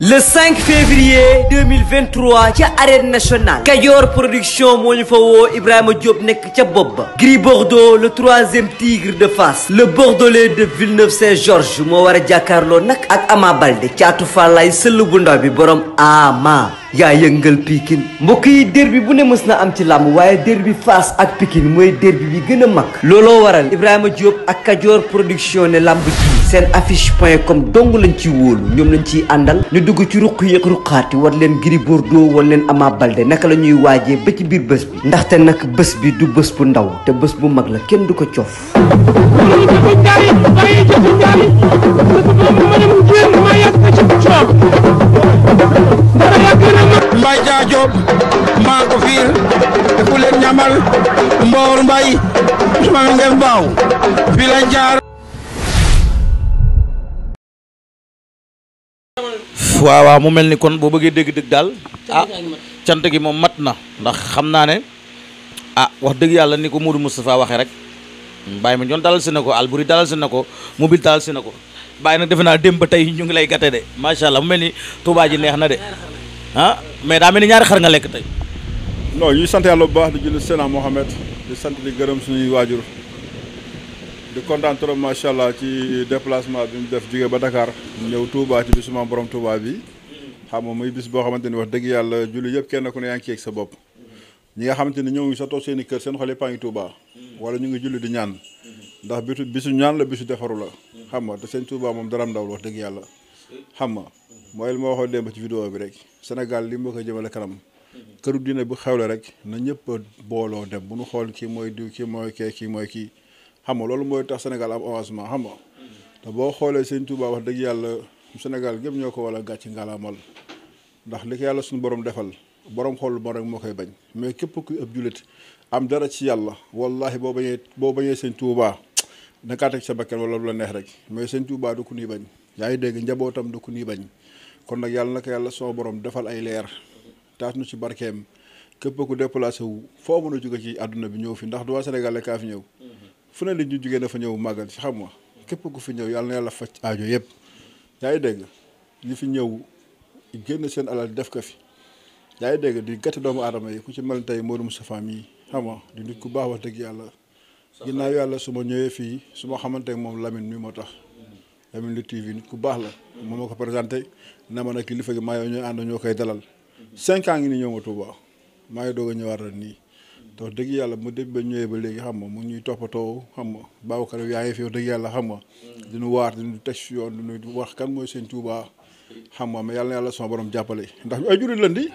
le 5 février 2023 ca arène nationale Kajoor production moo ñu fa woo Ibrahima Diop nekk ca bopp ba Gris Bordeaux le troisième tigre de Fass le bordelais de Villeneuve Saint-Georges moo war a jàkkaarloo nag ak Ama Balde caatu Fallaye sëll bu ndaw bi borom Ama yaa yëngal Pikine mbokk yi derbi bu ne mës na am ci làmb waaye derbi Fass ak Pikine mooy derbi bi gën a mag looloo waral Ibrahima Diop ak Kajoor production ne làmb ji seen affice point com dong lañu ci wóolu ñoom lañ ciy àndal ñu dugg ci ruq yëg ruqaati war leen Gris Bordeaux war leen Ama Baldé naka la ñuy waajee ba ci biir bés bi ndaxte nag bés bi du bés bu ndaw te bés bu mag la kenn du ko coof Mbaye Dia Diop maa ko fiir te ku leen ñamal Mboor Mbaye Ousmane Ngem Baaw fi lañ jaar waaw waaw mu mel ni kon boo bëggee dégg dëgg daal ah cant gi moom mat na ndax xam naa ne ah wax dëgg yàlla ni ko Modou Moustapha waxee rek Baye ma ñoon dalal si na ko Albouri dalal si na ko mobile dalal si na ko Baye nag defe naa démb ba tey ñu ngi lay gàtte de macha allah mu mel ni Touba ji neex na de ah mais daa mel ni ñaari xar nga lekk tey non ñuy sant yàlla bu baax di julli Seydina Mohamed di sant di gërëm suñuy waajur di kontaan trop macha allah ci déplacement bi mu def jóge ba Dakar ñëw tuubaa ci bisu maam borom Touba bi xam moom muy bis boo xamante ni wax dëgg yàlla julli yëpp kenn ku ne yaa ngi ak sa bopp ñi nga xamante ni ñoo ngi sa toog seen i kër seen xol yëppaa ngi Touba wala ñu ngi julli di ñaan ndax bi su ñaan la bi bisu defaru la xam ma te seen Touba moom dara ndawul wax dëgg yàlla xam nga mooy li ma waxoon démb ci vidéo rek Sénégal li moo ko jëmale kanam këru diine bu xewle rek na ñëpp booloo dem bu ñu xool kii mooy diw kii mooy kee kii mooy kii xam nga loolu mooy tax Sénégal am avancement xam nga te boo xoolee sëñ Touba wax dëgg yàlla Sénégal gépp ñoo ko wala gàcc ngalaamal ndax li yàlla suñu borom defal borom xool moo rek moo koy bañ mais képp ku ëpp jullit am dara ci yàlla wallahi boo bañee boo bañee sëñ Touba dangaa teg sa bakkan wala lu la neex rek mais seen Touba du ku ñuy bañ yaa ngi dégg njabootam du ku nii bañ kon nag yàlla na yàlla soo borom defal ay leer taas nu ci barkeem képp ku déplacé wu foo mën a jóge ci àdduna bi ñëw fi ndax du waa Sénégal la kaa fi ñëw. fu ne la ñu jigéen dafa ñëw màggal si xam nga képp ku fi ñëw yàlla na yàlla faj aajo yëpp yaa ngi dégg ñi fi ñëw génn seen alal def ko fi yaa ngi dégg di gàtt doomu aadama yi ku ci mel tey Modou Moustapha mii xam nga di nit ku baax wax dëgg yàlla ginnaaw yàlla su ma ñëwee fii su ma xamante moom Lamine mi moo tax Lamine ku baax la moom ma ko présenté na nag kilifa gi maa yoo ñooy ànd ñoo koy dalal cinq ans ngi ni ñëw ma Touba maa ngi doog a ñëwaat nii te wax dëgg yàlla mu dem ba ñëwee ba léegi xam nga mu ñuy toppatoo xam nga Babacar yaa ngi fi wax dëgg yàlla xam nga mm. diñu waar diñu teg si yoon diñu wax kan mooy seen Tuuba xam nga mais yàlla yàlla sama boroom jàppale ndax ay jullit lan di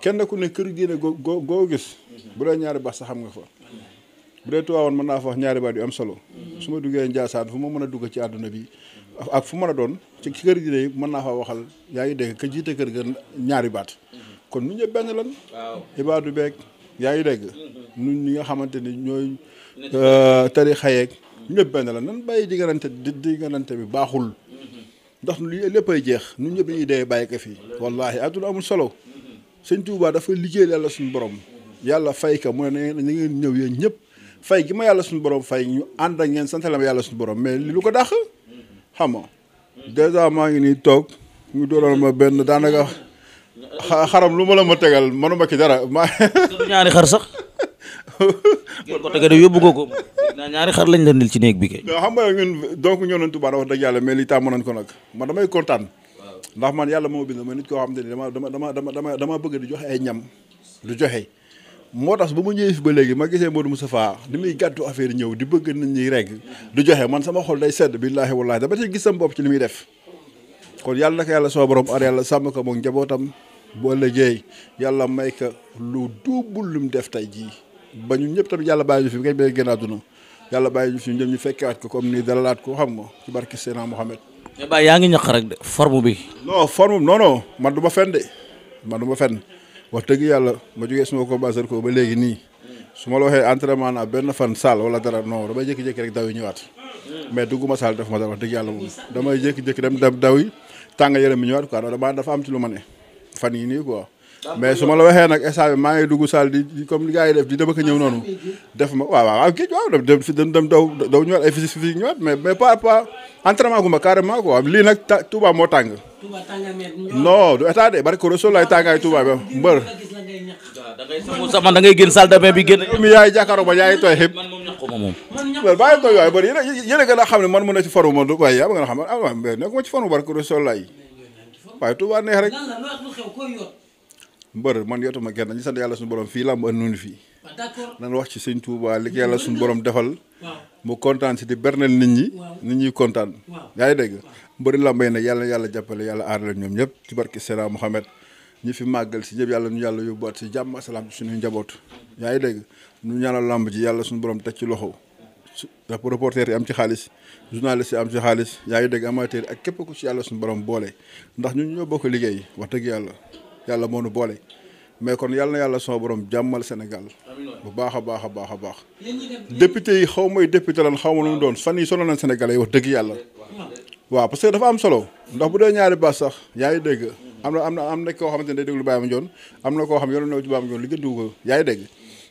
kenn ku ne kër diine goo goo goo gis mm-hmm. bu dee ñaari baax sax xam nga fa bu dee tuwaawoon mën naa fa wax ñaari baat yu am solo mm-hmm. su ma duggee Njaasaan fu ma mën a dugg ci àdduna bi ak fu man a doon ci kër gi de mën naa fa waxal yaa ngi dégg ka jiite kër ga ñaari baat mm-hmm. yaa ngi dégg ñun mm-hmm. ñi nga xamante ni ñooy uh, tarixa yeeg mm-hmm. ñëpp benn la nan bàyyi diggante di diggante bi baaxul mm-hmm. ndax li léppay jeex ñun ñëpp dañuy dee bàyyi ko fii wallaahi adduna amul solo sëñ Tuubaa dafa liggéey yàlla suñu borom yàlla fay ka mu ne na ngeen ñëw yéen ñëpp fay gi ma yàlla suñu borom fay ñu ànd ak ngeen santale ma yàlla suñu borom mais li lu ko dax xam nga dèjà maa ngi nii toog ñu dooral ma benn daanaka xaram lu ma la ma tegal manuma ki dara ma ñaari xar sax. ngeen ko tege de ko ko naa ñaari xar lañ leen dil ci néeg bi kay. xam nga ñun donc ñoo doon tubaab wax dëgg yàlla mais lii tàmm nañ ko nag man damay kontaan. ndax man yàlla moom moo bind ma nit koo xam te ni dama dama dama dama dama bëgg di joxe ay ñam du joxe. moo tax ba mu ñëwee fi ba léegi ma gisee Modou Moustapha ni muy gàttu affaire ñëw di bëgg nit ñi rek du joxe man sama xol day sedd billaahi wallaahi dama ci gis sam bopp ci li muy def kon yàlla na yàlla soo borom ar yàlla sàmm ko moom njabootam boo liggéey yàlla may ka lu duubul lum def tey jii ba ñun ñëpp tamit yàlla bàyyi ñu fi ngay bay gën a àdduna ñu fi ñun ko comme nii dalalaat ko xam nga ci barke Seydina Mohamed. mais Baye yaa ngi ñaq rek de forme bi. non forme non non du ma fenn de man du ma fenn dëgg yàlla ma jógee suma ko ba léegi nii su ma la waxee entraînement naa benn fan saal dara non damay jékki-jékki rek daw yi ñëwaat mais dugguma saal def ma dara wax dëgg yàlla jékki-jékki dem daw yi tàng yaram mi ñëwaat quoi dafa am ci lu ma ne. fan yi nii quoi. mais suma la waxee nag instant maa ngi dugg saal di comme li gars yi def di dem ak ñëw noonu. def ma waaw waaw géej waaw dem dem dem daw daw ñëwaat ay physique physique mais mais pas pas entraînement ma carrément lii nag Touba moo tàng. Touba tàng non du état de barke Rosso laay tàngaay Touba ba mbër. da sama da ngay génn salle de bi génn. mi yaay ma yaay tooy xib. man moom ñàkku ma moom. man bàyyi tooy waay bëri yéen a yéen a gën a xam ne man mën na ci faru ma du waaye yaa ma gën a xam ah waaw nekkuma ci faru barke Rosso laay waaye tubaa neex rek. lan la loo xam xew koy yor. mbër man yotuma kenn dañu sant yàlla suñu borom fii làmb anduñu fii. waaw ah, wax ci sëñ Touba li ko yàlla suñu borom defal. mu kontaan si di bernal nit ñi. nit ñi kontaan. yaa ngi dégg mbëri làmb yi nag yàlla yàlla jàppale yàlla aar leen ñoom ñëpp ci barki Seydina Mohamed. ñi fi màggal si ñëpp yàlla ñu yàlla yóbbuwaat si jàmm asalaam suñuy njaboot yaa ngi dégg ñu ñaanal làmb ji yàlla suñu borom teg ci loxo ndax reporter yi am ci xaalis journaliste yi am ci xaalis yaa ngi dégg amateur ak képp ku ci yàlla suñu borom boole ndax ñun ñoo bokk liggéey wax dëgg yàlla yàlla moo nu boole mais kon yàlla na yàlla soo borom jàmmal Sénégal bu baax a baax a baax a baax député yi xaw may député lan xaw ma lu mu doon fan yi sonal nañ Sénégalais yi wax dëgg yàlla waaw parce que dafa am solo ndax bu dee ñaari baas sax yaa ngi dégg am na am na am na koo xam ne day déglu Baye Mandione am na koo xam yoonu new ci yaa ngi dégg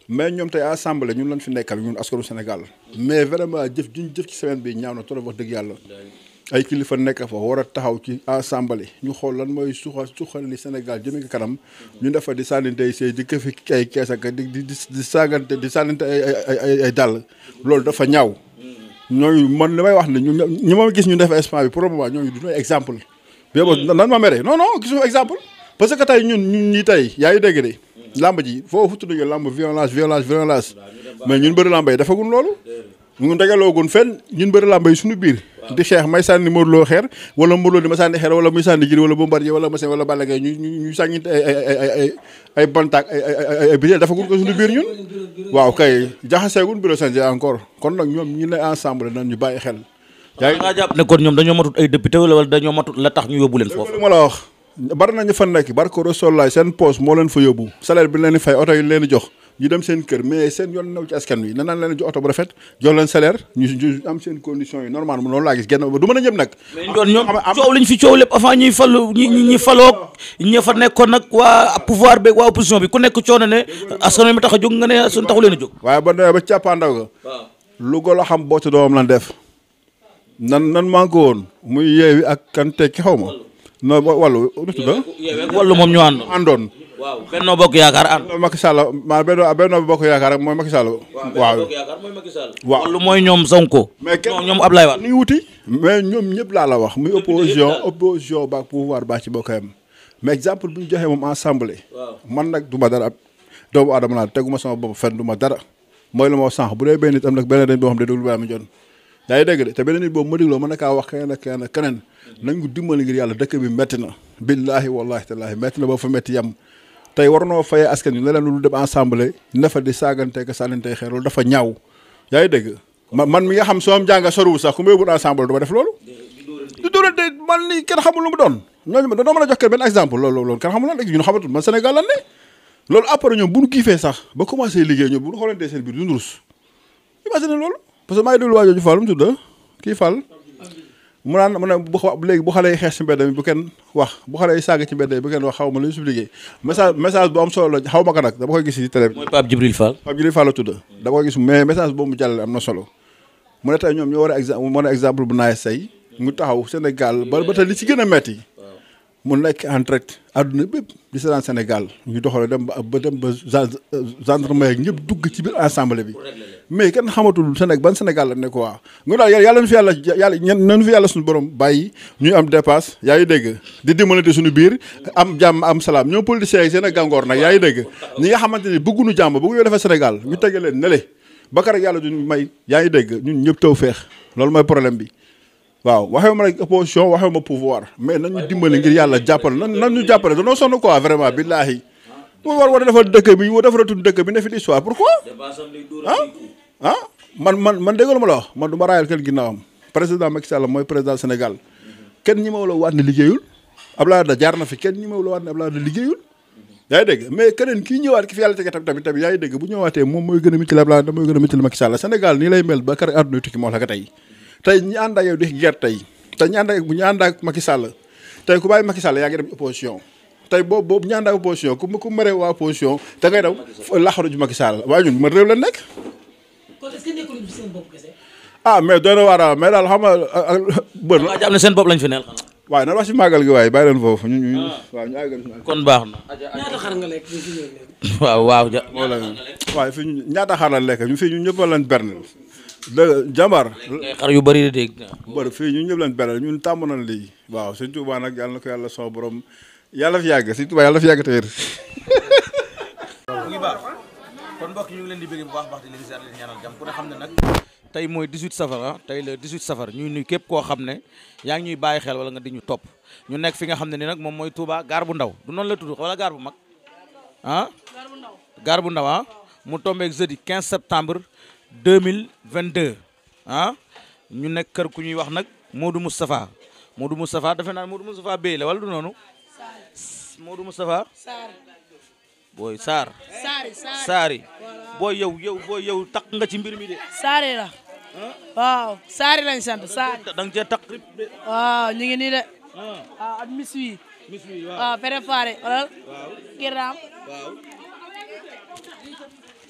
mais ñoom tey assemblée ñun lañ fi nekkal ñun askanu Sénégal mais vraiment jëf juñ jëf ci semaine bi ñaaw na trop wax dëgg yàlla ay kilifa nekk fa war a taxaw ci assemblée ñu xool lan mooy suxa suxal li Sénégal jëme ko kanam ñu dafa di sànninte ay sëy di këfi ay kees ak di di di sàggante di sànninte ay ay dàll loolu dafa ñaaw ñooñu man li may wax ni ñu ñi ma gis ñu def espace bi pour le moment ñooñu du exemple. boobu nan ma mere non non gis exemple parce que tey ñun ñun ñii tey yaa ngi dégg de. làmb ji foofu tudd ñu làmb violence violence violence mais ñun bëri làmb yi dafagun loolu ñu ngi dajaloogun fenn ñun bëri làmb yi suñu biir di xeex may sànni Modou Lo xeer wala Modou Lo di ma sànni xeer wala muy sànni jiri wala Bombardier wala Masin wala Balla Gaye ñu ñu sànnit ay ay ay ay bantaak ay ay biteel dafagun ko suñu biir ñun waaw kay jaxaseegun bureau encore kon nag ñoom ñi ne ensemble nan ñu bàyyi xel yaa ngi jàpp ne kon ñoom dañoo matut ay député wala dañoo la tax ñu yóbbu leen foofu ma la wax bari na ñu fa nekk barko Rasulullaay seen poos moo leen fa yóbbu salaire bi leen di oto yi leen di jox ñu dem seen kër mais seen yoon new ci askan wi na naan leen jox oto bu rafet jox leen salaire ñu am seen condition yi a ñëpp nag doon ñoom coow lañ fa nekkoon nag waa pouvoir bi waa opposition bi ku nekk coono ne askan wi mi tax a jóg nga ne suñ taxu leen a jóg waaye ba ba càppaandaw ga lu golo xam boo ci doomam lan def nan nan maa ko woon muy yeewi ak kan ci xaw ma no wàllu nu tudd wàllu moom ñu ànd àndoon waaw Benno Bokk Yaakaar ànd Macky Sall maa Benno Benno Bokk Yaakaar mooy Macky Sall waaw waaw wàllu mooy ñoom Sonko mais kenn ñoom Ablaye Wade ñuy wuti mais ñoom ñëpp laa la wax muy opposition opposition ba pouvoir baax ci bokkayam mais exemple bu ñu joxee moom assemblée man nag du ma dara doomu aadama laa teguma sama bopp fenn du ma dara mooy la moo sànq bu dee benn nit am nag benn dañ boo ngi dégg de te benn nit boobu ma dégloo mën na kaa wax keneen ak keneen nañ ko dimbali ngir yàlla dëkk bi métti na billaahi wallaahi tallaahi métti na ba fa métti yem tey war noo fayee askan wi lu dem ensemble na fa loolu du ma def loolu man kenn xamul lu mu doon ñooñu dañoo a jox kenn benn exemple loolu kenn xamul lan man Sénégal lan ne loolu après ñoom bu ñu kiifee sax ba commencé liggéey ñoom bu ñu xoolantee seen biir duñ rus imagine loolu parce que maa ngi déglu waa jooju mu tudd kii Fall mu naan mu ne bu léegi bu xale yi xeex ci mbedd la xaw ma ko nag dama koy gis ci télé bi. mooy Pape Djibril Fall. Pape Djibril Fall la tudd dama koy gis mais message boobu mu jàllale am na solo mu ne tey ñoom ñoo a exemple mu ne exemple bu ba ba tey li a metti mu nekk di seetaan Sénégal ñu doxale dem ba dem ba gendarmerie ak ñëpp dugg ci biir assemblée bi. mais kenn xamatul Sénégal ban Sénégal la ne quoi nga daal yàlla na yàlla yàlla nañu fi yàlla suñu borom bàyyi am dépasse yaa ngi dégg di dimbalante suñu biir am jàmm am salaam ñoom politiciens yi seen a gàngoor nag yaa ngi dégg ñi nga xamante ni bëgguñu jàmm bëgguñu defee Sénégal ñu tege leen ne le bakar ak yàlla duñ may yaa ngi dégg ñun ñëpp taw feex loolu mooy problème bi waaw waxewu ma rek opposition waxewu ma pouvoir mais nañu dimbali ngir yàlla jàppale nan nan ñu jàppale danoo sonn quoi vraiment billaahi pour war war a defal dëkk bi war defaratul dëkk bi ne fi l'histoire pourquoi ah ah man man man déggal ma la wax man du ma raayal kenn ginnaawam président Macky la mooy président Sénégal kenn ñi ma la waat ne liggéeyul Abdoulaye Wade jaar na fi kenn ñi ma la waat ne Abdoulaye liggéeyul yaa ngi mais keneen kii ñëwaat ki fi yàlla tege tamit tamit yaa ngi dégg bu ñëwaatee moom mooy gën a mitil Abdoulaye Wade mooy gën a mitil Macky Sall Sénégal nii lay mel ba kar àdduna tukki moo la tey tey ñi ànd ak yow di bu ñu ànd ak Macky Sall tey ku bàyyi Macky Sall yaa ngi dem tey boobu boobu ñaan daay opposition ku ku mere waa opposition te ngay daw laxaru ju Macky Sall waaye ñun ma réew la nekk. kon ah, mais doy na ah, mais daal xam nga ah, bër na. am seen bopp lañ fi neel xanaa. waaye màggal gi waaye bàyyi leen foofu ñu waaw kon baax na. ñaata nga lekk waaw waaw ja. waaye fii ñaata xar la ñu fii ñëpp lan berne. dëgg jàmbaar. xar yu bari de dégg. bëri fii ñu ñëpp lan berne ñun tàmm nañ lii. waaw sëñ Tuubaa nag yàlla na ko yàlla soo borom yàlla fi yàgg si Tuubaa yàlla fi yàgg te wér. mu ngi baax kon mbokk ñu ngi leen di bëgg bu baax baax di leen ziar leen ñaanal jàmm ku ne xam ne nag. tey mooy 18 safar ah, tey le 18 safar ñuy nuyu képp koo xam ne yaa ngi ñuy bàyyi xel wala nga di ñu topp ñu nekk fi nga xam ne ni nag moom mooy Touba gaar bu ndaw du noonu la tudd wala gaar bu mag ah. gaar bu ndaw ah mu tombeeg jeudi 15 septembre 2022 ah ñu nekk kër ku ñuy wax nag Modou Moustapha Modou Moustapha defe naa Modou Moustapha Bey la wala du noonu. Modou Moustapha. Sarr booy Sarr. Sarr Sarr booy yow yow booy yow takk nga ci mbir mi de. Sarr la. waaw Sarr lañ sant Sarr. da nga cee takk rip de. waaw ñu ngi nii de. ah ak Miss wi. Miss wi waaw waaw ah, préparé xoolal. waaw Giraam. waaw.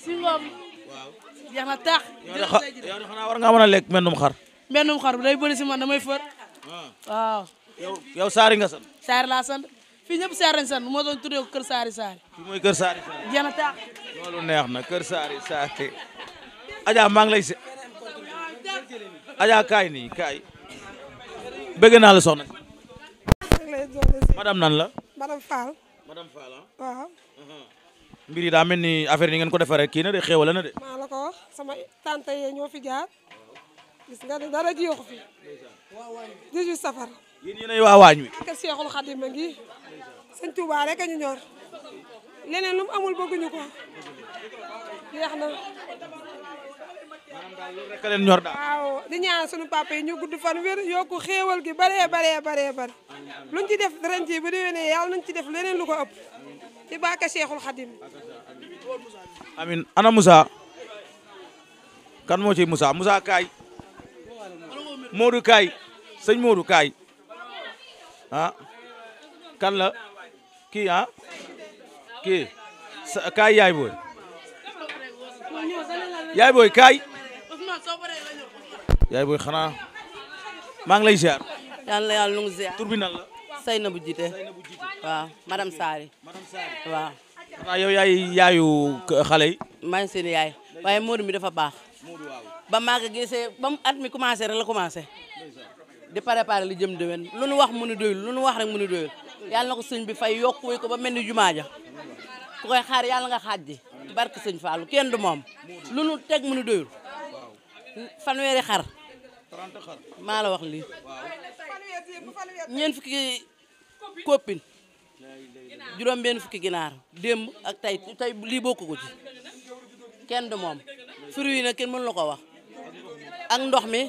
si ngoom. waaw jeex na tax. yow de xanaa war nga mën a lekk mennum xar. mennum xar bu day bëri si man damay fër. waaw. yow yow Sarr nga sant. Sarr laa sant. fii ñëpp saar lañ sant moo doon tuddee mooy Kër Saari Saari. neex na Kër Saari Saari. Adja maa ngi lay se. Adja kaay nii kaay. bëgg naa la soxna. madame nan la. madame Fall. madame Fall ah. waaw. Uh-huh. mbir yi daa mel ni affaire yi ngeen ko defaree kii na de xéwale na de. maa la ko wax sama tante safar. yéen yéenay waa waañ wi. sëñ Touba rek ñu ñor leneen lu mu amul bëgguñu ko jeex na. waaw di ñaan sunu papa yi ñu gudd fan wér yokku xéewal gi baree baree baree bare luñ ci def ren jii bu déwénee yàlla nañ ci def leneen lu ko ëpp ci baaka Cheikhul Khadim amin ana Moussa kan moo ci musa Moussa kaay Modou kaay sëñ Modou kaay ah kan la kii ah kii kaay yaay booy yaay booy kaay yaay booy xanaa maa ngi lay ziar. yàlla yàlla nu ngi ziar tur bi nan la. Seyna bu jiite waaw madame Sary yaay yaayu xale yi. maa ngi seen yaay waaye Modou mi dafa baax. ba maa ngi ba mu at mi commencé rek la commencé. di préparer li jëm déwén lu nu wax mu nu doyul lu nu wax rek mu nu doyul. yàlla na ko sëñ bi fay yokkuwee ko ba mel ni jumaa ja ku koy xaar yàlla nga xaaj ji barke sëñ Fallou kenn du moom lu nu teg mu nu doyul fanweeri xar maa la wax lii ñeent fukki koppin juróom benn fukki ginaar démb ak tey tey lii bokku ko ci kenn du moom fruit yi nag kenn mënu la ko wax ak ndox mi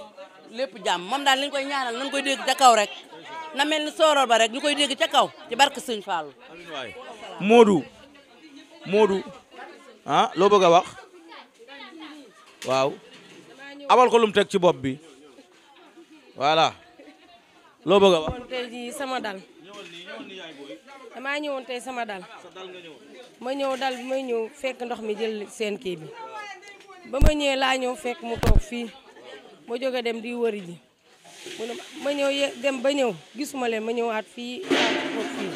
lépp jàmm moom daal li koy ñaanal nañ koy dégg ca kaw rek na mel ni sooroor ba rek ñu koy dégg ca kaw ci barke Sëñ Fall. amiin waay Modou Modou ah loo bëgg a wax waaw abal ko lum teg ci bopp bi voilà loo bëgg a wax. ñëwoon sama dal damaa ñëwoon tey sama dal ma ñëw dal bi may ñëw fekk ndox mi jël seen kii bi ba ma ñëwee laa ñëw fekk mu toog fii ma jóge dem di wëri ji. mu ne ma ñëw dem ba ñëw gisuma leen ma ñëwaat fii fii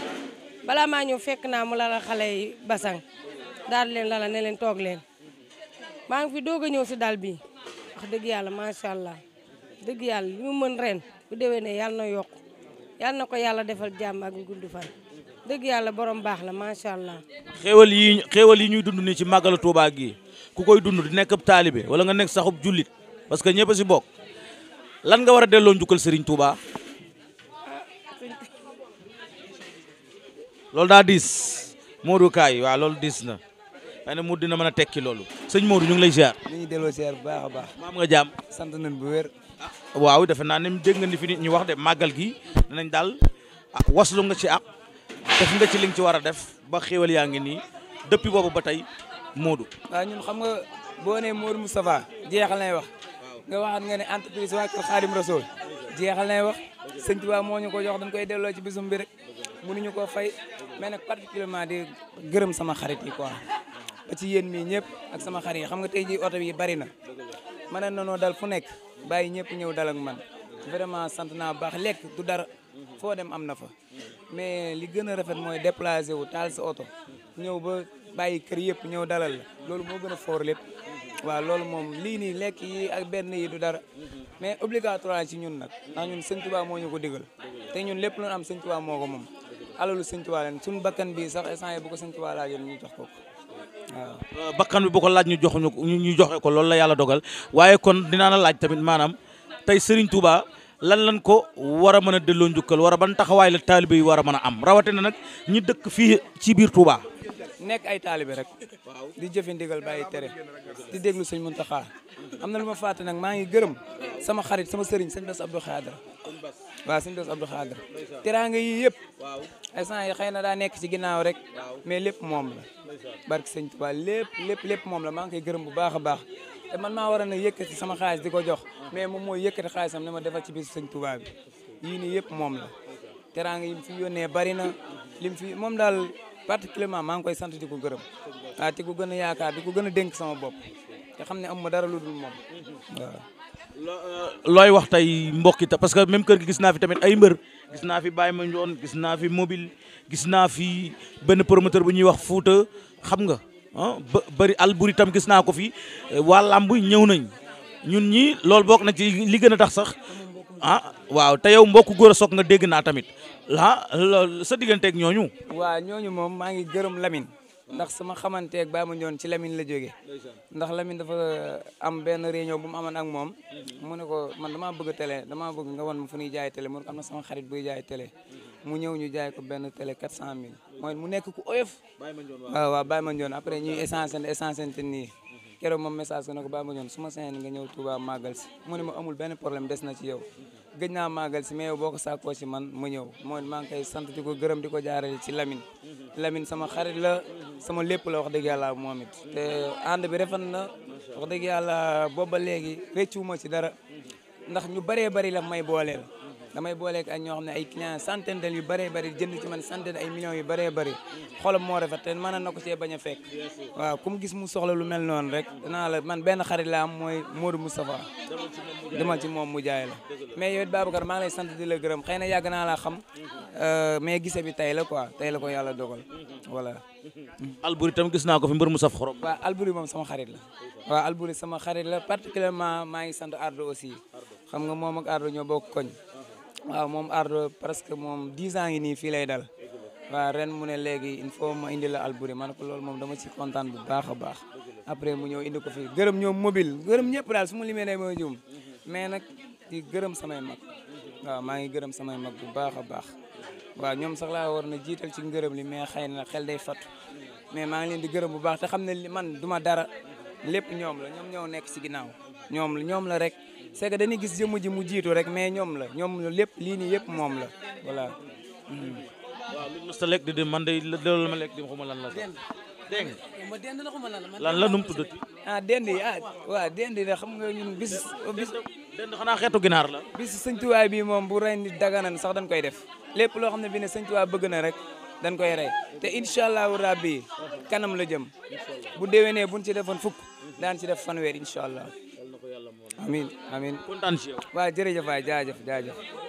balaa maa ñëw fekk naa mu lala xale yi basan daal leen lala ne leen toog leen maa ngi fi doog a ñëw si dal bi wax dëgg yàlla macha allah dëgg yàlla li mu mën ren bu déwee ne yàlla na yokk yàlla na ko yàlla defal jàmm ak gudd fan dëgg yàlla borom baax la macha allah. xéewal yi xéewal yi ñuy dund nii ci màggalu Tuubaa gi ku koy dund di nekk ab taalibe wala nga nekk saxub jullit parce que ñëpp si bokk. lan nga war a delloo njukkal Serigne Touba loolu daa diis Modou Kaay waaw loolu diis na xëy na Modou dina mën a tekki loolu sëñ Modou ñu ngi lay ni ñu ngi delloo ziar bu baax a baax. maam nga jaam. sant nañ bu wér. Ah, waaw defe naa ne dégg nga ni fi ni ñu wax de màggal gi dinañ daal ah, waslu nga ci ak def nga ci li nga ci war a def ba xéwal yaa ngi nii depuis boobu ba tey moodu waaw ñun xam nga boo nee Modou Moustapha jeexal nay wax. nga waxaat nga ne entreprise waa kër Xaadim Rasool jeexal nay wax sëñ waa moo ñu ko jox dañ koy delloo ci bisum bi rek mënuñu ko fay mais nag particulièrement di gërëm sama xarit yi quoi ba ci yéen mi ñëpp ak sama xarit yi xam nga tey ji oto yi bari na mën na nonoo dal fu nekk bàyyi ñëpp ñëw dal man vraiment sant naa baax lekk du dara foo dem am na fa mais li gën a rafet mooy déplacé wu taal sa oto ñëw ba bàyyi kër yëpp ñëw dalal la loolu moo gën a foor lépp waaw loolu moom lii nii lekk yi ak benn yi du dara mais obligatoire si ñun nag ndax ñun sëñ Tuubaa moo ñu ko digal te ñun lépp lu am sëñ moo ko moom alalu sëñ Tuubaa leen suñu bakkan bi sax instant yi bu ko sëñ Tuubaa laajoon ñu jox ko waaw euh, bakkan bi bu ko laaj ñu jox ñu joxe ko loolu la yàlla dogal waaye kon dinaa la laaj tamit maanaam tey sëriñ Tuubaa lan lan ko war a mën a delloo njukkal wara a ban taxawaay la taalibe yi war a mën a am rawatina nag ñi dëkk fii ci biir Touba. nekk ay taalibe rek di jëfe ndigal bàyyi tere di déglu sëñ Muntaxa am na lu ma fàtte nag maa ngi gërëm sama xarit sama sëriñ sëñ Bass Abdou Khadre waaw sëñ Bass Abdou Khadre teraanga yi yëpp ay sant yi xëy na daa nekk ci ginnaaw rek mais lépp moom la barke sëñ Tuubaa lépp lépp lépp moom la maa ngi koy gërëm bu baax a baax te man maa waroon a yëkkati sama xaalis di ko jox mais moom mooy yëkkati xaalisam ne ma defal ci biir sëñ Tuubaa bi yii nii yëpp moom la teraanga particulièrement maa ngi koy sant di ko gërëm waaw di ko gën a yaakaar di ko gën a dénk sama bopp te xam ne amu ma dara lu dul moom euh, looy wax tey mbokk yi parce que même kër gi gis naa fi tamit ay mbër gis naa fi Baye Mandione gis naa fi mobile gis naa fi benn promoteur bu ñuy wax Fouta xam nga ah bëri Albouri tam gis naa ko fi waa làmb ñëw nañ ñun ñi loolu bokk na ci li gën a tax sax ah waaw te yow mbokk góor a soog nga dégg naa tamit ah sa digganteeg ñooñu. waaw ñooñu moom maa ngi gërëm Lamine. ndax sama xamanteeg baa ma ñoon ci Lamine la jógee. ndax Lamine dafa am benn réunion bu mu amoon ak moom. mu ne ko man damaa bëgg télé damaa bëgg nga wan ma fu ñuy jaay télé mu am na sama buy jaay télé. mu ñëw ñu jaay ko benn télé 400000. mooy mu nekk ku oyof. waaw waaw bàyyi ma ñoon après ñuy essence essence nii. keroog moom message ko ne ko Baye Mandione su ma sañoon nga ñëw Touba màggal si mu ne ma amul benn problème des na ci yow gëj naa màggal si mais yow boo ko sàkkoo si man ma ñëw mooy maa ngi koy sant di ko gërëm di ko jaarale ci Lamine Lamine sama xarit la sama lépp la wax dëgg yàlla moom it te ànd bi rafet na wax dëgg yàlla booba léegi réccu ma si dara ndax ñu bëree bëri la may booleel damay booleeg ay ñoo xam ne ay clients yu baree bëri jënd ci man centaine ay millions yu bëree bëri xolam moo rafet te a na ko cee bañ a fekk waaw comme gis mu soxla lu mel noonu rek danaa la man benn xarit la am mooy Modou Moustapha demal ci moom mu jaay la mais yow maa lay sant di la gërëm xëy na yàgg naa laa xam euh, mais gise bi tey la quoi tey la ko yàlla dogal voilà Alboury tam gis naa ko fi mbër mu saf xorom waaw Alboury moom sama xarit la waaw Alboury sama xarit la particulièrement maa ngi sant Ardo aussi xam nga moom ak Ardo ñoo bokk koñ waaw moom Ardo presque moom dix ans ngi nii fii lay dal waaw ren mu ne léegi il faut ma indi la Alboury ma ne ko loolu moom dama ci kontaan bu baax a baax après mu ñëw indi ko fii gërëm ñoom mobile gërëm ñëpp daal su ma limee day ma juum nag di gërëm samay mag waaw maa ngi gërëm samay mag bu baax a baax waaw ñoom sax laa war na jiital ci ngërëm li mais xay na xel day fattu mais maa ngi leen di gërëm bu baax te xam ne man duma dara lépp ñoom la ñoom ñoo nekk si ginnaaw ñoom la ñoom la rek se que dañuy gis jëmm ji mu jiitu rek mais ñoom la ñoom la lépp lii nii yëpp moom la voilà. waaw lu mos a lekk di man de loolu ma lekk di xuma lan la sax dégg nga lan la nu mu tuddati. ah dend yi ah waaw na xam nga ñun bis. bis dend xanaa xeetu ginaar la. bis sëñ Tuubaa moom bu rey nit na sax dañ koy def lépp loo xam ne bi ne sëñ bëgg na rek dañ koy rey te incha allahu rabbi kanam la jëm bu déwénee buñ ci defoon fukk. daan ci def fanweer incha allah. amiin amiin kontaan si yow. waaw jërëjëf waay jaajëf jaajëf.